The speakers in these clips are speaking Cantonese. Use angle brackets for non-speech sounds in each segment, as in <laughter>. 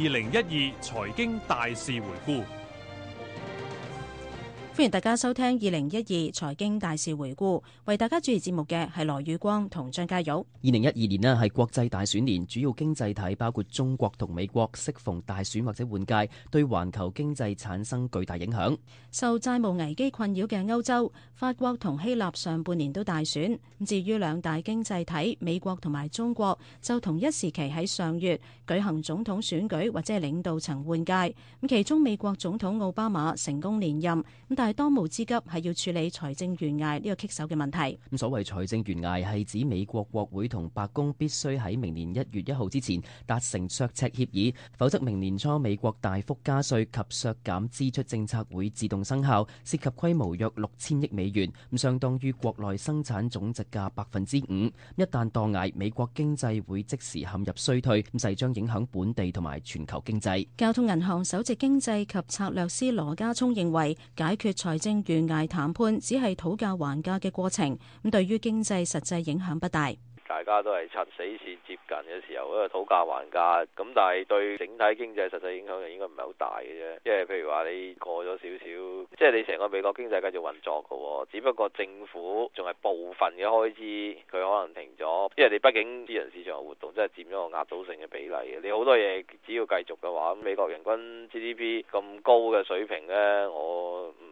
二零一二財經大事回顧。歡迎大家收聽二零一二財經大事回顧。為大家主持節目嘅係羅宇光同張家玉。二零一二年呢係國際大選年，主要經濟體包括中國同美國，適逢大選或者換屆，對環球經濟產生巨大影響。受債務危機困擾嘅歐洲，法國同希臘上半年都大選。至於兩大經濟體美國同埋中國，就同一時期喺上月舉行總統選舉或者領導層換屆。其中美國總統奧巴馬成功連任。當務之急，係要處理財政懸崖呢個棘手嘅問題。咁所謂財政懸崖係指美國國會同白宮必須喺明年一月一號之前達成削赤協議，否則明年初美國大幅加稅及削減支出政策會自動生效，涉及規模約六千億美元，咁相當於國內生產總值嘅百分之五。一旦墮崖，美國經濟會即時陷入衰退，咁勢將影響本地同埋全球經濟。交通銀行首席經濟及策略師羅家聰認為，解決財政懸崖談判只係討價還價嘅過程，咁對於經濟實際影響不大。大家都係趁死線接近嘅時候咧，討價還價。咁但係對整體經濟實際影響，就應該唔係好大嘅啫。即係譬如話，你過咗少少，即係你成個美國經濟繼續運作㗎喎。只不過政府仲係部分嘅開支，佢可能停咗。因為你畢竟私人市場活動真係佔咗個壓倒性嘅比例嘅。你好多嘢只要繼續嘅話，咁美國人均 GDP 咁高嘅水平咧，我唔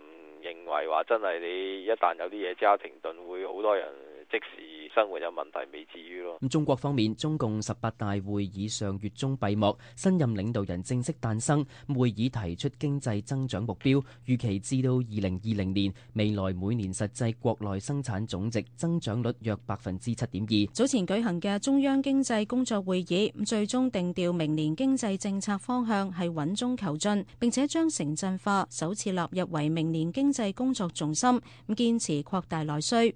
認為話真係你一旦有啲嘢即刻停頓，會好多人。即使生活有問題，未至於咯。咁中國方面，中共十八大會議上月中閉幕，新任領導人正式誕生。會議提出經濟增長目標，預期至到二零二零年，未來每年實際國內生產總值增長率約百分之七點二。早前舉行嘅中央經濟工作會議，最終定調明年經濟政策方向係穩中求進，並且將城鎮化首次納入為明年經濟工作重心，咁堅持擴大內需。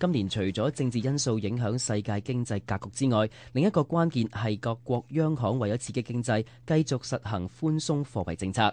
今年除咗政治因素影響世界經濟格局之外，另一個關鍵係各國央行為咗刺激經濟，繼續實行寬鬆貨幣政策。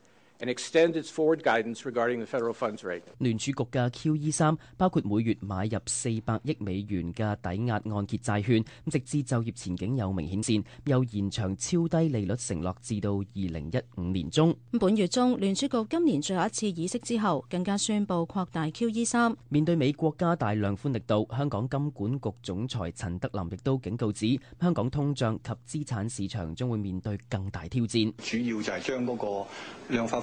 聯儲局嘅 QE 三包括每月買入四百億美元嘅抵押按揭債券，直至就業前景有明顯線，又延長超低利率承諾至到二零一五年中。本月中聯儲局今年最後一次議息之後，更加宣布擴大 QE 三。面對美國加大量寬力度，香港金管局總裁陳德林亦都警告指，香港通脹及資產市場將會面對更大挑戰。主要就係將嗰個量化。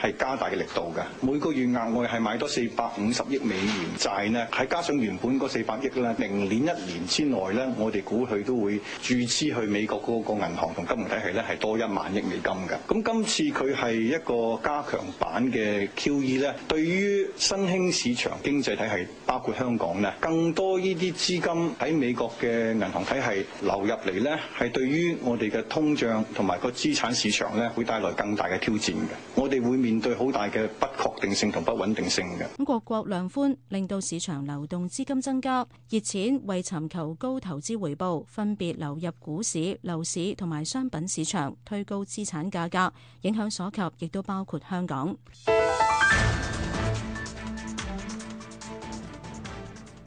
係加大嘅力度㗎，每個月額外係買多四百五十億美元債呢，係加上原本嗰四百億咧，明年一年之內咧，我哋估佢都會注資去美國嗰個銀行同金融體系咧，係多一萬億美金㗎。咁今次佢係一個加強版嘅 QE 咧，對於新興市場經濟體系，包括香港咧，更多呢啲資金喺美國嘅銀行體系流入嚟咧，係對於我哋嘅通脹同埋個資產市場咧，會帶來更大嘅挑戰嘅。我哋會面面對好大嘅不確定性同不穩定性嘅，各國量寬令到市場流動資金增加，熱錢為尋求高投資回報，分別流入股市、樓市同埋商品市場，推高資產價格，影響所及亦都包括香港。 <music>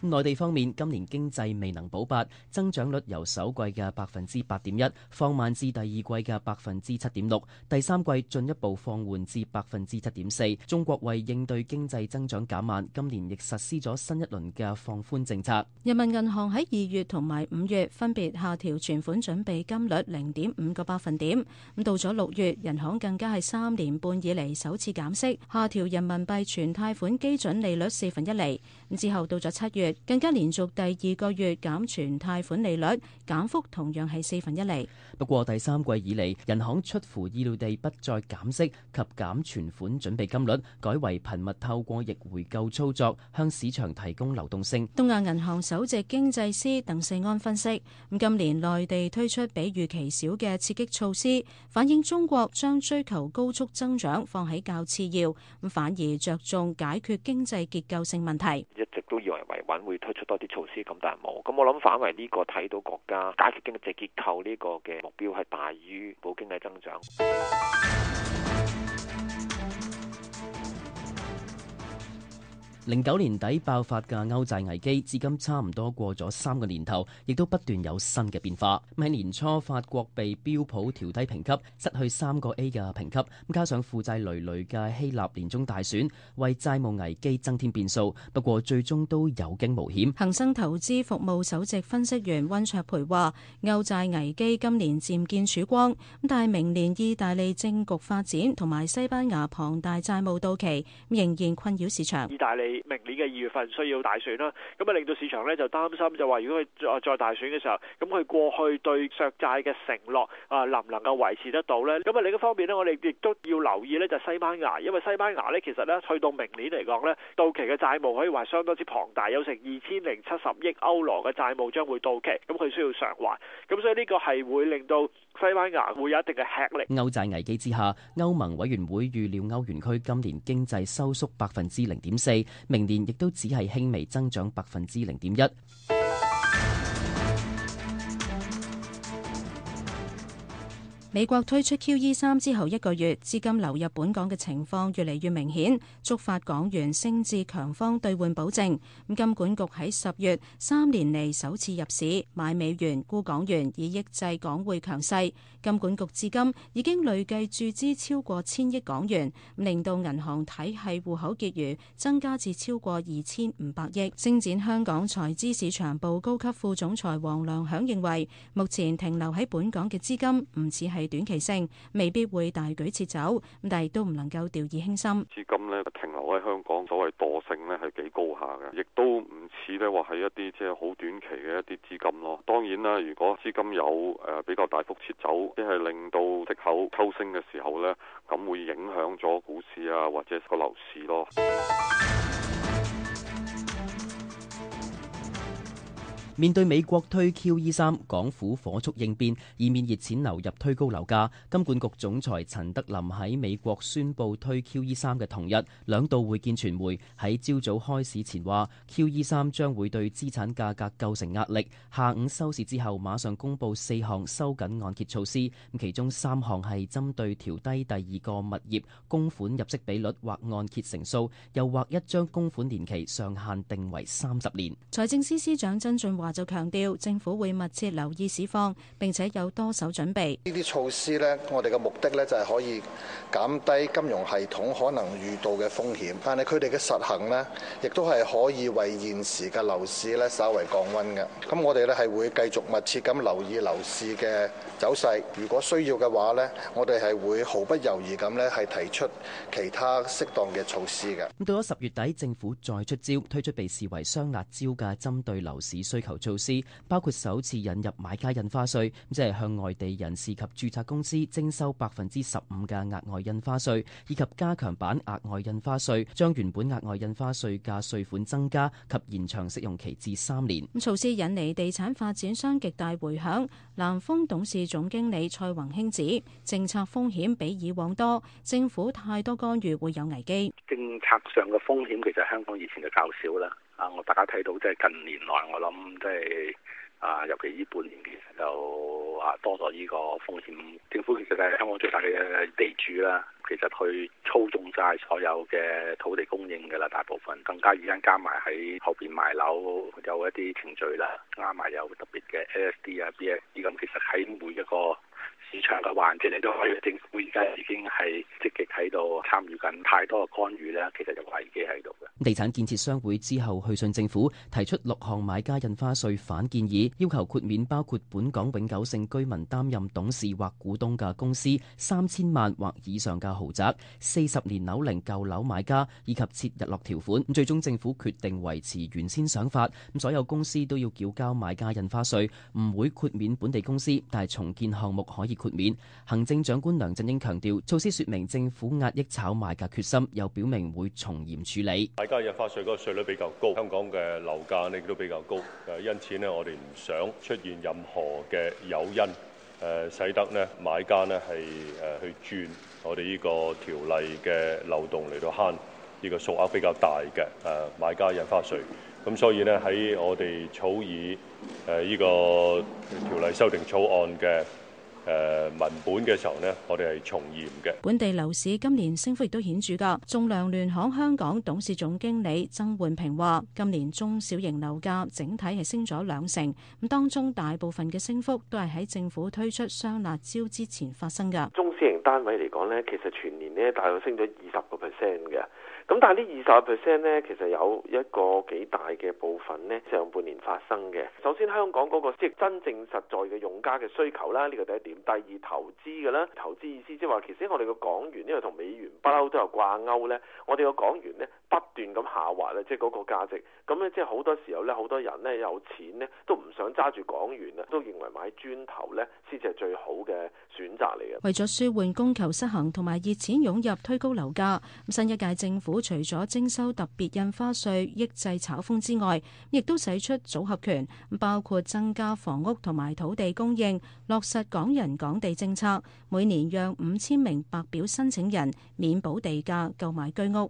內地方面，今年經濟未能保八，增長率由首季嘅百分之八點一放慢至第二季嘅百分之七點六，第三季進一步放緩至百分之七點四。中國為應對經濟增長減慢，今年亦實施咗新一輪嘅放寬政策。人民銀行喺二月同埋五月分別下調存款準備金率零點五個百分點。咁到咗六月，人行更加係三年半以嚟首次減息，下調人民幣存貸款基準利率四分一厘。之後到咗七月，更加連續第二個月減存貸款利率，減幅同樣係四分一釐。不過第三季以嚟，人行出乎意料地不再減息及減存款準備金率，改為頻密透過逆回購操作向市場提供流動性。東亞銀行首席經濟師鄧世安分析：咁今年內地推出比預期少嘅刺激措施，反映中國將追求高速增長放喺較次要，咁反而着重解決經濟結構性問題。一直，都以為維穩會推出多啲措施，咁但係冇。咁我諗反為呢個睇到國家解決經濟結構呢個嘅目標係大於保經濟增長。零九年底爆發嘅歐債危機，至今差唔多過咗三個年頭，亦都不斷有新嘅變化。喺年初，法國被標普調低評級，失去三個 A 嘅評級。加上負債累累嘅希臘年中大選，為債務危機增添變數。不過最終都有驚無險。恒生投資服務首席分析員温卓培話：歐債危機今年漸見曙光，但係明年意大利政局發展同埋西班牙龐大債務到期，仍然困擾市場。意大利。明年嘅二月份需要大選啦，咁啊令到市場咧就擔心，就話如果佢再再大選嘅時候，咁佢過去對削債嘅承諾啊，能唔能夠維持得到咧？咁啊另一方面咧，我哋亦都要留意咧，就西班牙，因為西班牙咧其實咧，去到明年嚟講咧，到期嘅債務可以話相當之龐大，有成二千零七十億歐羅嘅債務將會到期，咁佢需要償還，咁所以呢個係會令到西班牙會有一定嘅吃力。歐債危機之下，歐盟委員會預料歐元區今年經濟收縮百分之零點四。明年亦都只係輕微增長百分之零點一。美國推出 QE 三之後一個月，資金流入本港嘅情況越嚟越明顯，觸發港元升至強方兌換保證。金管局喺十月三年嚟首次入市買美元沽港元，以抑制港匯強勢。金管局至今已經累計注資超過千億港元，令到銀行體系戶口結餘增加至超過二千五百億。星展香港財資市場部高級副總裁黃亮響認為，目前停留喺本港嘅資金唔似係。短期性未必會大舉撤走，咁但係都唔能夠掉以輕心。資金咧停留喺香港所謂惰性咧係幾高下嘅，亦都唔似咧話係一啲即係好短期嘅一啲資金咯。當然啦，如果資金有誒、呃、比較大幅撤走，即、就、係、是、令到息口抽升嘅時候咧，咁會影響咗股市啊，或者個樓市咯。面對美國推 QE 三，港府火速應變，以免熱錢流入推高樓價。金管局總裁陳德霖喺美國宣布推 QE 三嘅同日，兩度會見傳媒。喺朝早開市前話，QE 三將會對資產價格構成壓力。下午收市之後，馬上公布四項收緊按揭措施，其中三項係針對調低第二個物業供款入息比率或按揭成數，又或一張供款年期上限定為三十年。財政司司長曾俊華。話就強調，政府會密切留意市況，並且有多手準備。呢啲措施咧，我哋嘅目的咧就係可以減低金融系統可能遇到嘅風險。但係佢哋嘅實行咧，亦都係可以為現時嘅樓市咧稍為降溫嘅。咁我哋咧係會繼續密切咁留意樓市嘅走勢。如果需要嘅話咧，我哋係會毫不猶豫咁咧係提出其他適當嘅措施嘅。咁到咗十月底，政府再出招，推出被視為雙辣招嘅針對樓市需求。措施包括首次引入買家印花稅，即係向外地人士及註冊公司徵收百分之十五嘅額外印花稅，以及加強版額外印花稅，將原本額外印花稅嘅稅款增加及延長適用期至三年。措施引嚟地產發展商極大回響。南豐董事總經理蔡宏興指，政策風險比以往多，政府太多干預會有危機。政策上嘅風險其實是香港以前就較少啦。啊！我大家睇到即係近年來，我諗即係啊，尤其呢半年其實就話、啊、多咗呢個風險。政府其實係香港最大嘅地主啦，其實去操縱晒所有嘅土地供應嘅啦，大部分更加而家加埋喺後面買樓，有一啲程序啦，加埋有特別嘅 A S D 啊 BSD，咁其實喺每一個市場嘅環節，你都可以。政府而家已經係積極喺度參與緊太多嘅干預咧，其實就危機喺度嘅。地產建設商會之後去信政府，提出六項買家印花稅反建議，要求豁免包括本港永久性居民擔任董事或股東嘅公司三千萬或以上嘅豪宅、四十年樓齡舊樓買家，以及設日落條款。最終政府決定維持原先想法，咁所有公司都要繳交買家印花稅，唔會豁免本地公司，但係重建項目可以。豁免。行政長官梁振英強調措施，説明政府壓抑炒賣嘅決心，又表明會從嚴處理。買家印花稅嗰個稅率比較高，香港嘅樓價呢亦都比較高，誒，因此呢，我哋唔想出現任何嘅誘因，誒，使得呢買家呢係誒去轉我哋呢個條例嘅漏洞嚟到慳呢個數額比較大嘅誒買家印花稅。咁所以呢喺我哋草擬誒呢個條例修訂草案嘅。誒、呃、文本嘅時候呢，我哋係從嚴嘅。本地樓市今年升幅亦都顯著㗎。仲量聯行香港董事總經理曾煥平話，今年中小型樓價整體係升咗兩成，咁當中大部分嘅升幅都係喺政府推出雙辣招之前發生㗎。中小型單位嚟講呢，其實全年呢，大概升咗二十個 percent 嘅。咁但係呢二十 percent 咧，其實有一個幾大嘅部分咧，上半年發生嘅。首先香港嗰、嗰個即係真正實在嘅用家嘅需求啦，呢個第一點。第二投資嘅啦，投資意思即係話，其實我哋嘅港、港元呢，因為同美元不嬲都有掛鈎咧，我哋嘅港元咧。不斷咁下滑呢，即係嗰個價值，咁呢，即係好多時候呢好多人呢有錢呢都唔想揸住港元呢都認為買磚頭呢先至係最好嘅選擇嚟嘅。為咗舒緩供求失衡同埋熱錢湧入推高樓價，新一屆政府除咗徵收特別印花稅抑制炒風之外，亦都使出組合拳，包括增加房屋同埋土地供應，落實港人港地政策，每年讓五千名白表申請人免補地價購買居屋。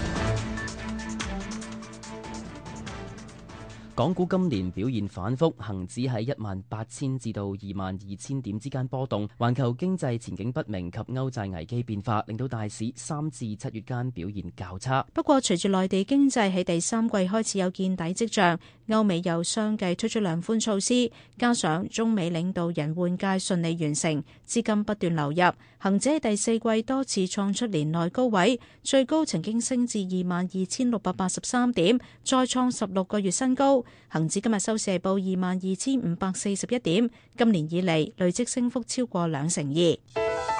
港股今年表現反覆，恒指喺一萬八千至到二萬二千點之間波動，環球經濟前景不明及歐債危機變化，令到大市三至七月間表現較差。不過隨住內地經濟喺第三季開始有見底迹象，歐美又相繼推出量寬措施，加上中美領導人換屆順利完成，資金不斷流入，恆指第四季多次創出年內高位，最高曾經升至二萬二千六百八十三點，再創十六個月新高。恒指今日收市報二萬二千五百四十一點，今年以嚟累積升幅超過兩成二。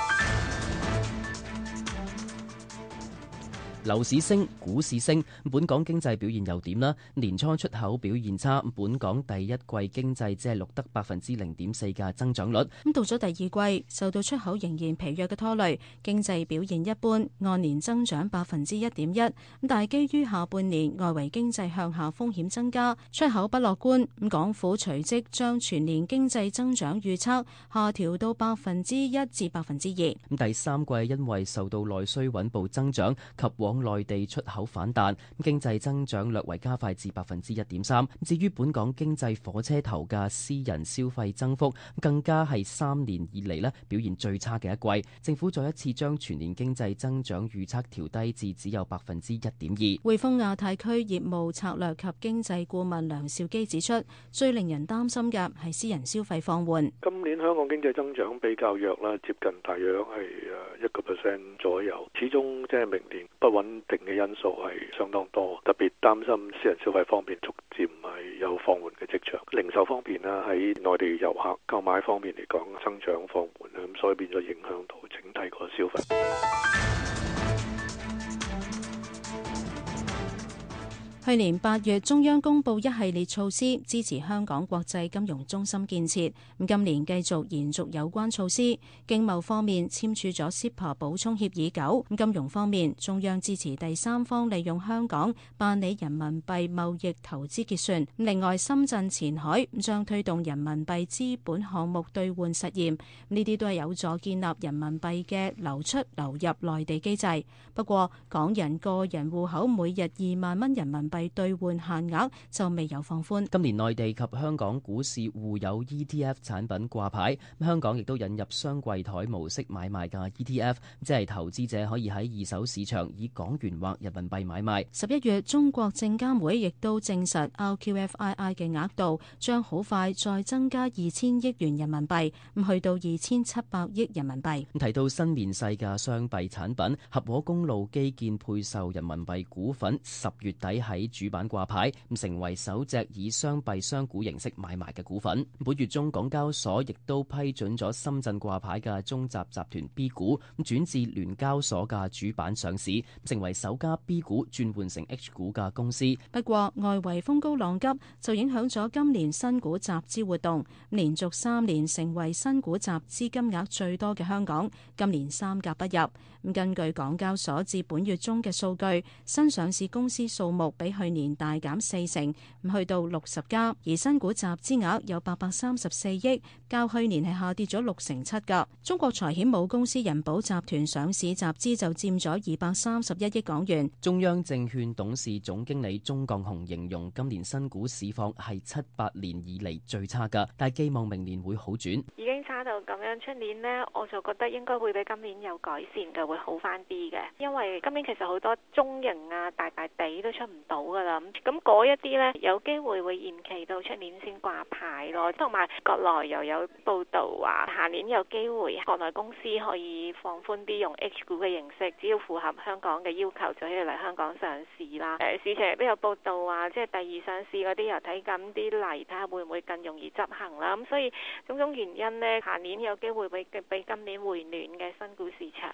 樓市升，股市升，本港經濟表現又點呢？年初出口表現差，本港第一季經濟只係錄得百分之零點四嘅增長率。咁到咗第二季，受到出口仍然疲弱嘅拖累，經濟表現一般，按年增長百分之一點一。咁但係基於下半年外圍經濟向下風險增加，出口不樂觀，咁港府隨即將全年經濟增長預測下調到百分之一至百分之二。咁第三季因為受到內需穩步增長及內地出口反彈，經濟增長略為加快至百分之一點三。至於本港經濟火車頭嘅私人消費增幅，更加係三年以嚟表現最差嘅一季。政府再一次將全年經濟增長預測調低至只有百分之一點二。匯豐亞太區業務策略及經濟顧問梁兆基指出，最令人擔心嘅係私人消費放緩。今年香港經濟增長比較弱啦，接近大約係誒一個 percent 左右。始終即係明年不.穩定嘅因素係相當多，特別擔心私人消費方面逐漸係有放緩嘅迹象，零售方面呢喺內地遊客購買方面嚟講，增長放緩啦，咁所以變咗影響到整體個消費。去年八月，中央公布一系列措施支持香港國際金融中心建設。今年繼續延續有關措施。經貿方面簽署咗《CEPA 補充協議九》。金融方面，中央支持第三方利用香港辦理人民幣貿易投資結算。另外，深圳前海將推動人民幣資本項目兌換實驗。呢啲都係有助建立人民幣嘅流出流入內地機制。不過，港人個人戶口每日二萬蚊人民幣。幣兌換限額就未有放寬。今年內地及香港股市互有 ETF 產品掛牌，香港亦都引入雙櫃檯模式買賣嘅 ETF，即係投資者可以喺二手市場以港元或人民幣買賣。十一月中國證監會亦都證實 RQFII 嘅額度將好快再增加二千億元人民幣，咁去到二千七百億人民幣。提到新面世嘅雙幣產品，合和公路基建配售人民幣股份，十月底係喺主板掛牌，咁成為首隻以雙幣雙股形式買賣嘅股份。本月中，港交所亦都批准咗深圳掛牌嘅中集集團 B 股，咁轉至聯交所嘅主板上市，成為首家 B 股轉換成 H 股嘅公司。不過，外圍風高浪急，就影響咗今年新股集資活動，連續三年成為新股集資金額最多嘅香港，今年三甲不入。根據港交所至本月中嘅數據，新上市公司數目比去年大減四成，去到六十家，而新股集資額有八百三十四億，較去年係下跌咗六成七噶。中國財險母公司人保集團上市集資就佔咗二百三十一億港元。中央證券董事總經理鍾國雄形容今年新股市況係七八年以嚟最差噶，但係寄望明年會好轉。已經差到咁樣，出年呢，我就覺得應該會比今年有改善嘅。會好翻啲嘅，因為今年其實好多中型啊、大大地都出唔到噶啦，咁嗰一啲呢，有機會會延期到出年先掛牌咯，同埋國內又有報道話下年有機會國內公司可以放寬啲用 H 股嘅形式，只要符合香港嘅要求就可以嚟香港上市啦。誒，市場亦都有報道話，即係第二上市嗰啲又睇緊啲例，睇下會唔會更容易執行啦。咁所以種種原因呢，下年有機會會比今年回暖嘅新股市場。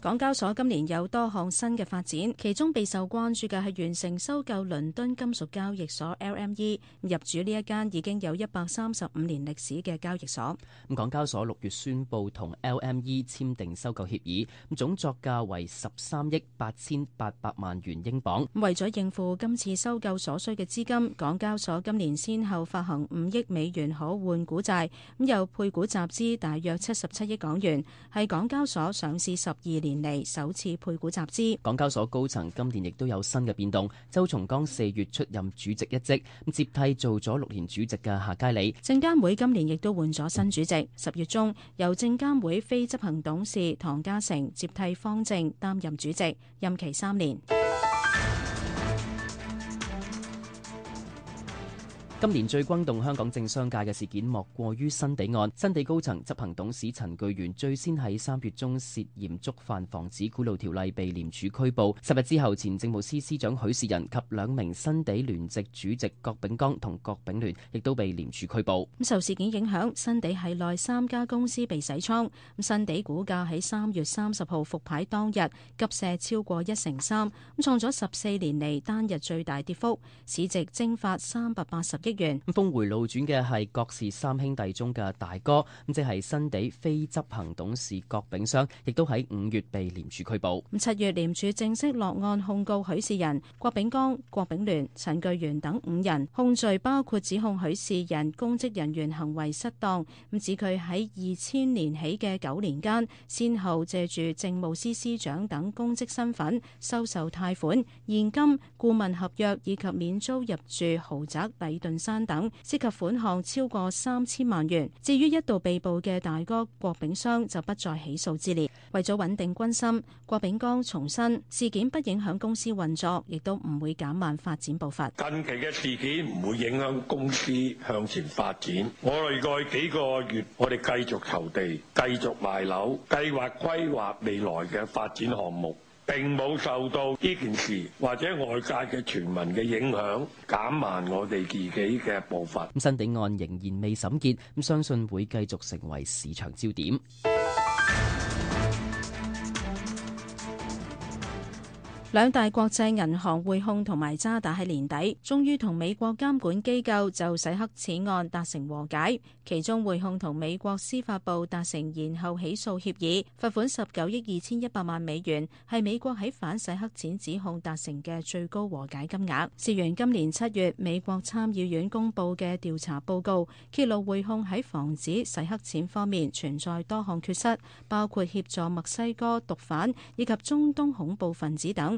港交所今年有多項新嘅發展，其中備受關注嘅係完成收購倫敦金屬交易所 LME，入主呢一間已經有一百三十五年歷史嘅交易所。咁港交所六月宣佈同 LME 簽訂收購協議，咁總作價為十三億八千八百萬元英鎊。咁為咗應付今次收購所需嘅資金，港交所今年先後發行五億美元可換股債，咁又配股集資大約七十七億港元，係港交所上市十二年年嚟首次配股集資。港交所高層今年亦都有新嘅變動，周松崗四月出任主席一職，接替做咗六年主席嘅夏佳理。證監會今年亦都換咗新主席，十月中由證監會非執行董事唐家成接替方正擔任主席，任期三年。今年最轟動香港政商界嘅事件，莫過於新地案。新地高層執行董事陳巨源最先喺三月中涉嫌觸犯防止賄賂條例，被廉署拘捕。十日之後，前政務司司長許仕仁及兩名新地聯席主席郭炳江同郭炳聯，亦都被廉署拘捕。咁受事件影響，新地系內三家公司被洗倉。新地股價喺三月三十號復牌當日急瀉超過一成三，咁創咗十四年嚟單日最大跌幅，市值蒸發三百八十億。峰迴路轉嘅係郭氏三兄弟中嘅大哥，即係新地非執行董事郭炳湘，亦都喺五月被廉署拘捕。七月廉署正式落案控告許仕仁、郭炳江、郭炳聯、陳巨源等五人，控罪包括指控許仕仁公職人員行為失當，指佢喺二千年起嘅九年間，先後借住政務司司長等公職身份，收受貸款、現金、顧問合約以及免租入住豪宅禮頓山等涉及款項超過三千萬元。至於一度被捕嘅大哥郭炳湘就不在起訴之列。為咗穩定軍心，郭炳江重申事件不影響公司運作，亦都唔會減慢發展步伐。近期嘅事件唔會影響公司向前發展。我嚟過去幾個月，我哋繼續投地、繼續賣樓、計劃規劃未來嘅發展項目。並冇受到呢件事或者外界嘅傳聞嘅影響減慢我哋自己嘅步伐。咁新地案仍然未審結，咁相信會繼續成為市場焦點。兩大國際銀行匯控同埋渣打喺年底終於同美國監管機構就洗黑錢案達成和解，其中匯控同美國司法部達成延後起訴協議，罰款十九億二千一百萬美元，係美國喺反洗黑錢指控達成嘅最高和解金額。事緣今年七月美國參議院公布嘅調查報告揭露匯控喺防止洗黑錢方面存在多項缺失，包括協助墨西哥毒販以及中東恐怖分子等。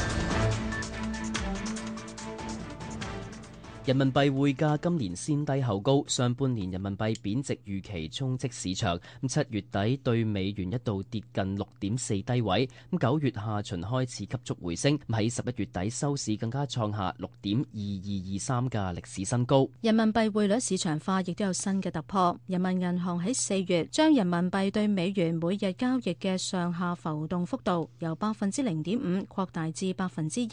人民幣匯價今年先低後高，上半年人民幣貶值預期衝擊市場，咁七月底對美元一度跌近六點四低位，咁九月下旬開始急速回升，喺十一月底收市更加創下六點二二二三嘅歷史新高。人民幣匯率市場化亦都有新嘅突破，人民銀行喺四月將人民幣對美元每日交易嘅上下浮動幅度由百分之零點五擴大至百分之一，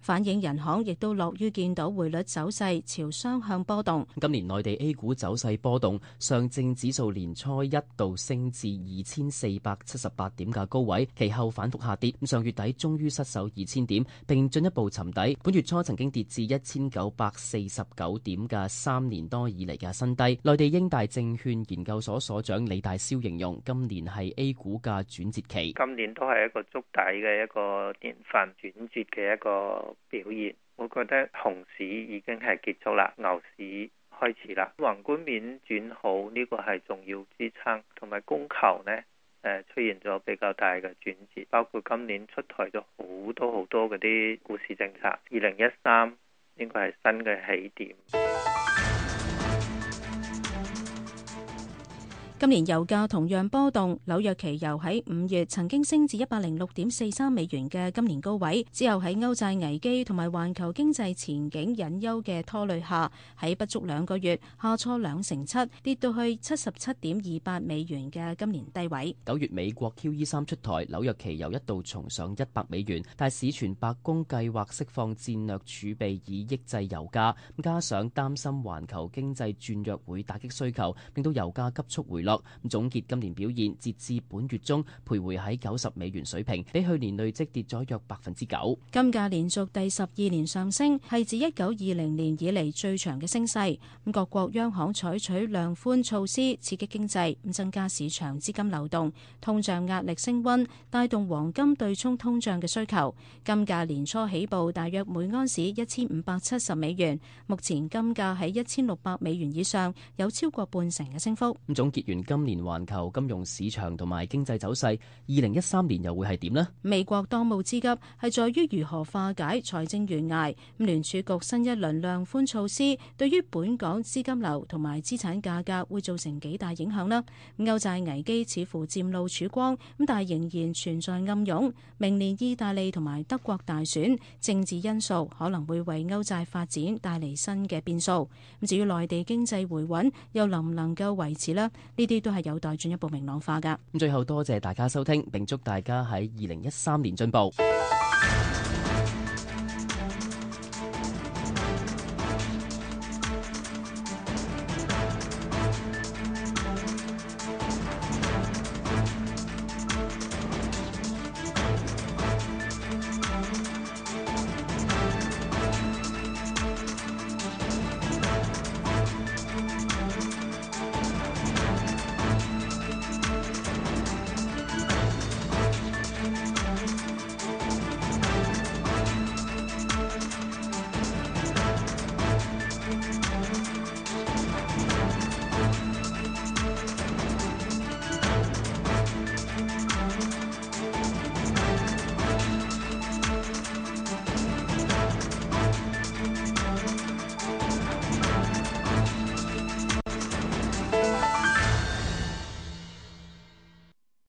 反映人行亦都樂於見到匯率走勢。係朝雙向波動。今年內地 A 股走勢波動，上證指數年初一度升至二千四百七十八點嘅高位，其後反覆下跌。咁上月底終於失守二千點，並進一步沉底。本月初曾經跌至一千九百四十九點嘅三年多以嚟嘅新低。內地英大證券研究所所長李大霄形容，今年係 A 股嘅轉折期。今年都係一個築底嘅一個年份，轉折嘅一個表現。我覺得熊市已經係結束啦，牛市開始啦。宏觀面轉好，呢個係重要支撐，同埋供求呢誒、呃、出現咗比較大嘅轉折。包括今年出台咗好多好多嗰啲股市政策，二零一三應該係新嘅起點。今年油價同樣波動，紐約期油喺五月曾經升至一百零六點四三美元嘅今年高位，之後喺歐債危機同埋環球經濟前景隱憂嘅拖累下，喺不足兩個月下挫兩成七，跌到去七十七點二八美元嘅今年低位。九月美國 QE 三出台，紐約期油一度重上一百美元，但市傳白宮計劃釋放戰略儲備以抑制油價，加上擔心環球經濟轉弱會打擊需求，令到油價急速回落。總結今年表現，截至本月中，徘徊喺九十美元水平，比去年累積跌咗約百分之九。金價連續第十二年上升，係自一九二零年以嚟最長嘅升勢。各國央行採取量寬措施刺激經濟，增加市場資金流動，通脹壓力升温，帶動黃金對沖通脹嘅需求。金價年初起步大約每安士一千五百七十美元，目前金價喺一千六百美元以上，有超過半成嘅升幅。咁總結完。今年環球金融市場同埋經濟走勢，二零一三年又會係點呢？美國當務之急係在於如何化解財政懸崖。咁聯儲局新一輪量寬措施，對於本港資金流同埋資產價格會造成幾大影響呢？歐債危機似乎漸露曙光，咁但係仍然存在暗湧。明年意大利同埋德國大選，政治因素可能會為歐債發展帶嚟新嘅變數。咁至於內地經濟回穩，又能唔能夠維持呢？呢呢啲都係有待進一步明朗化㗎。咁最後多謝大家收聽，並祝大家喺二零一三年進步。